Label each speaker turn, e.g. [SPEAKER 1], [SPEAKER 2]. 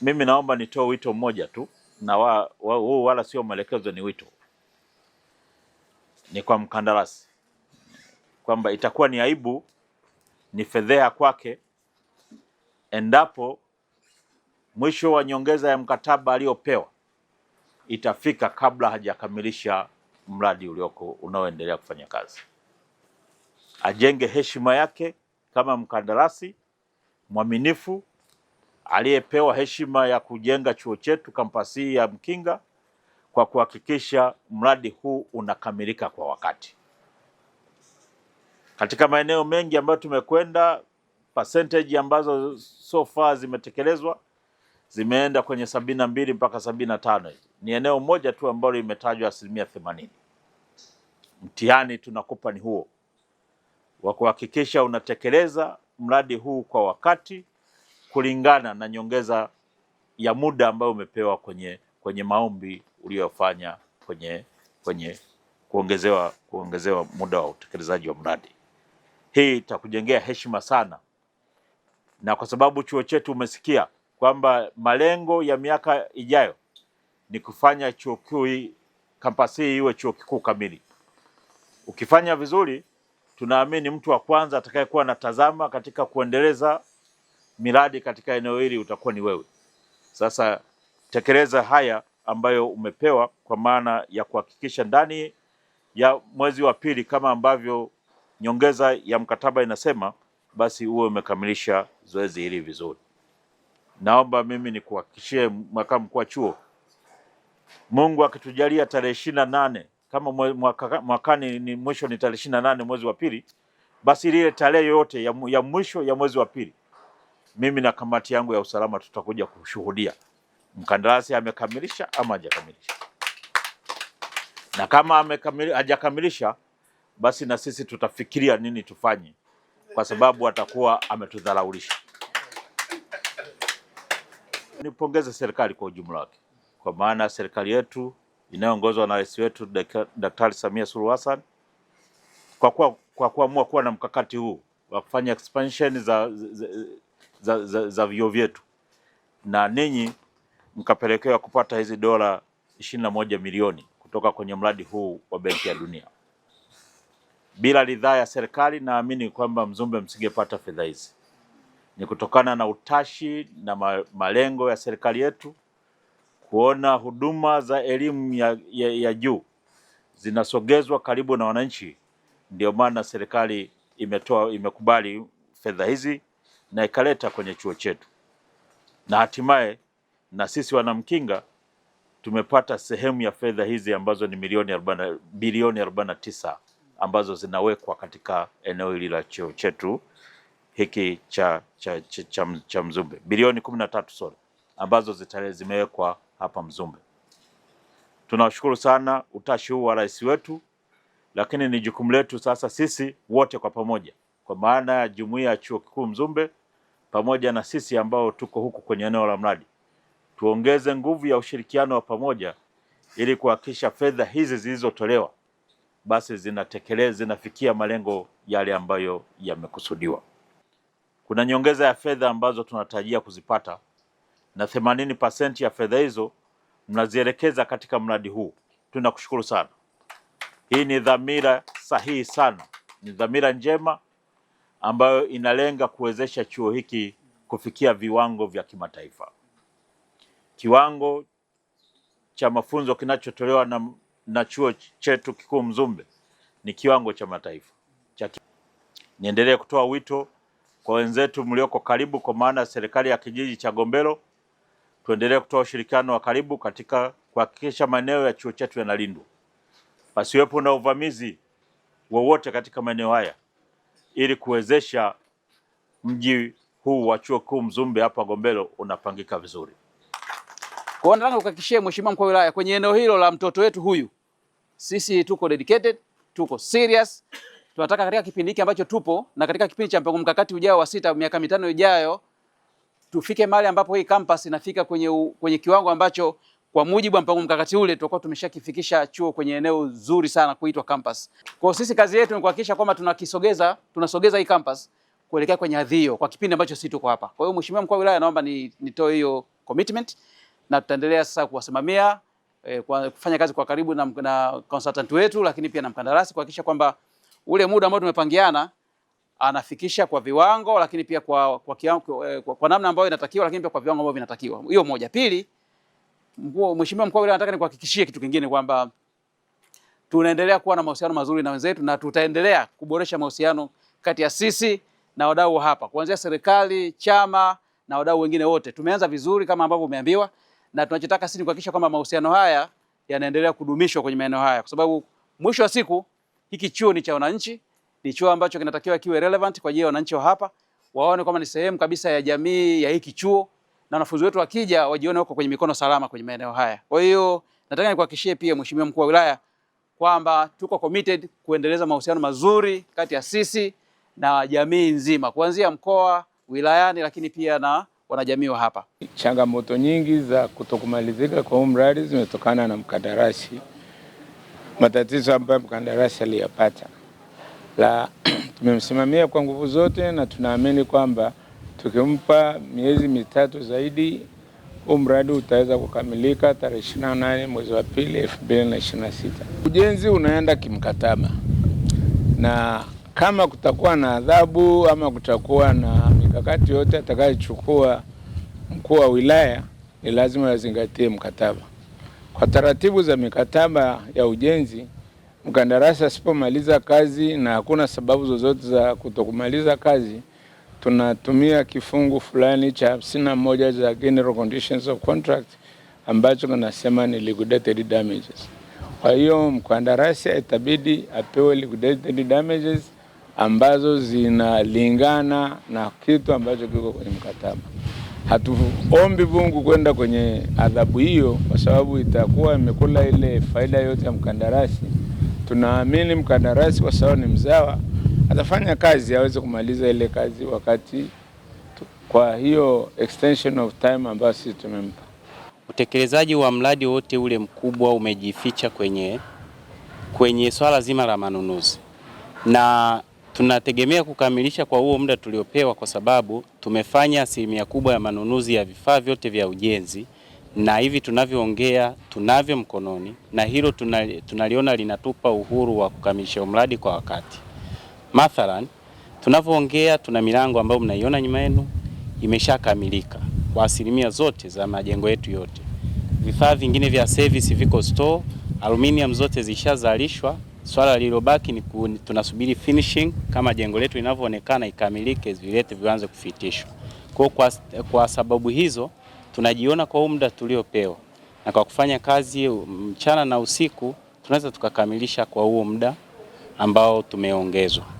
[SPEAKER 1] Mimi naomba nitoe wito mmoja tu, na huu wa, wa, wa, wala sio maelekezo, ni wito, ni kwa mkandarasi kwamba itakuwa ni aibu, ni fedheha kwake endapo mwisho wa nyongeza ya mkataba aliyopewa itafika kabla hajakamilisha mradi ulioko unaoendelea kufanya kazi. Ajenge heshima yake kama mkandarasi mwaminifu aliyepewa heshima ya kujenga chuo chetu kampasi hii ya Mkinga kwa kuhakikisha mradi huu unakamilika kwa wakati. Katika maeneo mengi ambayo tumekwenda, percentage ambazo so far zimetekelezwa zimeenda kwenye sabini na mbili mpaka sabini na tano. Ni eneo moja tu ambalo limetajwa asilimia themanini. Mtihani tunakupa ni huo wa kuhakikisha unatekeleza mradi huu kwa wakati kulingana na nyongeza ya muda ambayo umepewa kwenye kwenye maombi uliyofanya kwenye kwenye kuongezewa kuongezewa muda wa utekelezaji wa mradi. Hii itakujengea heshima sana, na kwa sababu chuo chetu umesikia kwamba malengo ya miaka ijayo ni kufanya chuo kikuu kampasi hii iwe chuo kikuu kamili. Ukifanya vizuri, tunaamini mtu wa kwanza atakayekuwa anatazama katika kuendeleza miradi katika eneo hili utakuwa ni wewe. Sasa tekeleza haya ambayo umepewa kwa maana ya kuhakikisha ndani ya mwezi wa pili kama ambavyo nyongeza ya mkataba inasema, basi uwe umekamilisha zoezi hili vizuri. Naomba mimi nikuhakikishie makamu mkuu wa chuo, Mungu akitujalia tarehe ishirini na nane kama mwaka, mwakani ni mwisho ni tarehe ishirini na nane mwezi wa pili, basi lile tarehe yoyote ya mwisho ya mwezi wa pili mimi na kamati yangu ya usalama tutakuja kushuhudia mkandarasi amekamilisha ama hajakamilisha, na kama hajakamilisha, basi na sisi tutafikiria nini tufanye, kwa sababu atakuwa ametudharaulisha. Nipongeze serikali kwa ujumla wake, kwa maana serikali yetu inayoongozwa na rais wetu Daktari Samia Suluhu Hassan kwa kuamua kwa kuwa kuwa na mkakati huu wa kufanya expansion za, za, za za, za, za vyuo vyetu na ninyi mkapelekewa kupata hizi dola ishirini na moja milioni kutoka kwenye mradi huu wa Benki ya Dunia. Bila ridhaa ya serikali, naamini kwamba Mzumbe msingepata fedha hizi. Ni kutokana na utashi na malengo ya serikali yetu kuona huduma za elimu ya, ya, ya juu zinasogezwa karibu na wananchi, ndio maana serikali imetoa imekubali fedha hizi na ikaleta kwenye chuo chetu, na hatimaye na sisi wanamkinga tumepata sehemu ya fedha hizi ambazo ni milioni bilioni 49 ambazo zinawekwa katika eneo hili la chuo chetu hiki cha, cha, cha, cha, cha Mzumbe bilioni 13 sorry, ambazo zitale zimewekwa hapa Mzumbe. Tunashukuru sana utashi huu wa rais wetu, lakini ni jukumu letu sasa sisi wote kwa pamoja, kwa maana ya jumuiya ya chuo kikuu Mzumbe pamoja na sisi ambao tuko huku kwenye eneo la mradi, tuongeze nguvu ya ushirikiano wa pamoja ili kuhakikisha fedha hizi zilizotolewa basi zinatekeleza, zinafikia malengo yale ambayo yamekusudiwa. Kuna nyongeza ya fedha ambazo tunatarajia kuzipata na 80% ya fedha hizo mnazielekeza katika mradi huu. Tunakushukuru sana. Hii ni dhamira sahihi sana, ni dhamira njema ambayo inalenga kuwezesha chuo hiki kufikia viwango vya kimataifa. Kiwango cha mafunzo kinachotolewa na, na chuo chetu kikuu Mzumbe ni kiwango cha mataifa Niendelee kutoa wito kwa wenzetu mlioko karibu, kwa maana serikali ya kijiji cha Gombero, tuendelee kutoa ushirikiano wa karibu katika kuhakikisha maeneo ya chuo chetu yanalindwa, pasiwepo na uvamizi wowote katika maeneo haya ili kuwezesha mji huu wa chuo kikuu Mzumbe hapa Gombelo unapangika vizuri. Kwa nataka ukakishie Mheshimiwa mkuu wa wilaya kwenye eneo hilo la mtoto wetu huyu, sisi tuko dedicated, tuko serious. Tunataka katika kipindi hiki ambacho tupo na katika kipindi cha mpango mkakati ujao wa sita, miaka mitano ijayo, tufike mahali ambapo hii campus inafika kwenye, kwenye kiwango ambacho kwa mujibu wa mpango mkakati ule tutakuwa tumeshakifikisha chuo kwenye eneo zuri sana kuitwa campus. Kwa sisi kazi yetu ni kuhakikisha kwamba tunakisogeza, tunasogeza hii campus kuelekea kwenye hadhi kwa kipindi ambacho sisi tuko hapa. Kwa hiyo Mheshimiwa Mkuu wa Wilaya, naomba nitoe hiyo commitment na tutaendelea sasa kuwasimamia eh, kwa kufanya kazi kwa karibu na, na consultant wetu lakini pia na mkandarasi kuhakikisha kwamba ule muda ambao tumepangiana anafikisha kwa viwango lakini pia kwa kwa, kwa, eh, kwa, kwa namna ambayo inatakiwa lakini pia kwa viwango ambavyo vinatakiwa. Hiyo moja. Pili, Mheshimiwa mkuu wa wilaya, nataka nikuhakikishie kitu kingine kwamba tunaendelea kuwa na mahusiano mazuri na wenzetu na tutaendelea kuboresha mahusiano kati ya sisi na wadau hapa, kuanzia serikali, chama na wadau wengine wote. Tumeanza vizuri kama ambavyo umeambiwa, na tunachotaka sisi ni kuhakikisha kwamba mahusiano haya yanaendelea kudumishwa kwenye maeneo haya, kwa sababu mwisho wa siku hiki chuo ni cha wananchi, ni chuo ambacho kinatakiwa kiwe relevant kwa ajili ya wananchi wa hapa, waone kama ni sehemu kabisa ya jamii ya hiki chuo na wanafunzi wetu wakija wajione wako kwenye mikono salama kwenye maeneo haya. Kwa hiyo nataka nikuhakikishie pia Mheshimiwa Mkuu wa Wilaya kwamba tuko committed kuendeleza mahusiano mazuri kati ya sisi na jamii nzima kuanzia mkoa, wilayani, lakini pia na wanajamii wa hapa.
[SPEAKER 2] Changamoto nyingi za kutokumalizika kwa huu mradi zimetokana na mkandarasi, matatizo ambayo mkandarasi aliyapata, la tumemsimamia kwa nguvu zote na tunaamini kwamba Tukimpa miezi mitatu zaidi, huu mradi utaweza kukamilika tarehe 28 mwezi wa pili 2026. Ujenzi unaenda kimkataba, na kama kutakuwa na adhabu ama kutakuwa na mikakati yote atakayochukua mkuu wa wilaya, ni lazima yazingatie mkataba. Kwa taratibu za mikataba ya ujenzi, mkandarasi asipomaliza kazi na hakuna sababu zozote za kutokumaliza kazi tunatumia kifungu fulani cha hamsini na moja za general conditions of contract ambacho kinasema ni liquidated damages. Kwa hiyo mkandarasi itabidi apewe liquidated damages ambazo zinalingana na kitu ambacho kiko kwenye mkataba. Hatuombi Mungu kwenda kwenye adhabu hiyo, kwa sababu itakuwa imekula ile faida yote ya mkandarasi. Tunaamini mkandarasi, kwa sababu ni mzawa atafanya kazi aweze kumaliza ile kazi wakati. Kwa hiyo extension of time ambayo sisi tumempa.
[SPEAKER 3] Utekelezaji wa mradi wote ule mkubwa umejificha kwenye, kwenye swala zima la manunuzi na tunategemea kukamilisha kwa huo muda tuliopewa, kwa sababu tumefanya asilimia kubwa ya manunuzi ya vifaa vyote vya ujenzi, na hivi tunavyoongea tunavyo mkononi, na hilo tunaliona linatupa uhuru wa kukamilisha mradi kwa wakati. Mathalan, tunavyoongea tuna milango ambayo mnaiona nyuma yenu imeshakamilika kwa asilimia zote za majengo yetu yote. Vifaa vingine vya service viko store, aluminium zote zishazalishwa. Swala lililobaki ni tunasubiri finishing kama jengo letu linavyoonekana ikamilike, vilete vianze kufitishwa. Kwa, kwa, kwa sababu hizo tunajiona kwa muda tuliopewa na kwa kufanya kazi mchana na usiku tunaweza tukakamilisha kwa huo muda ambao tumeongezwa.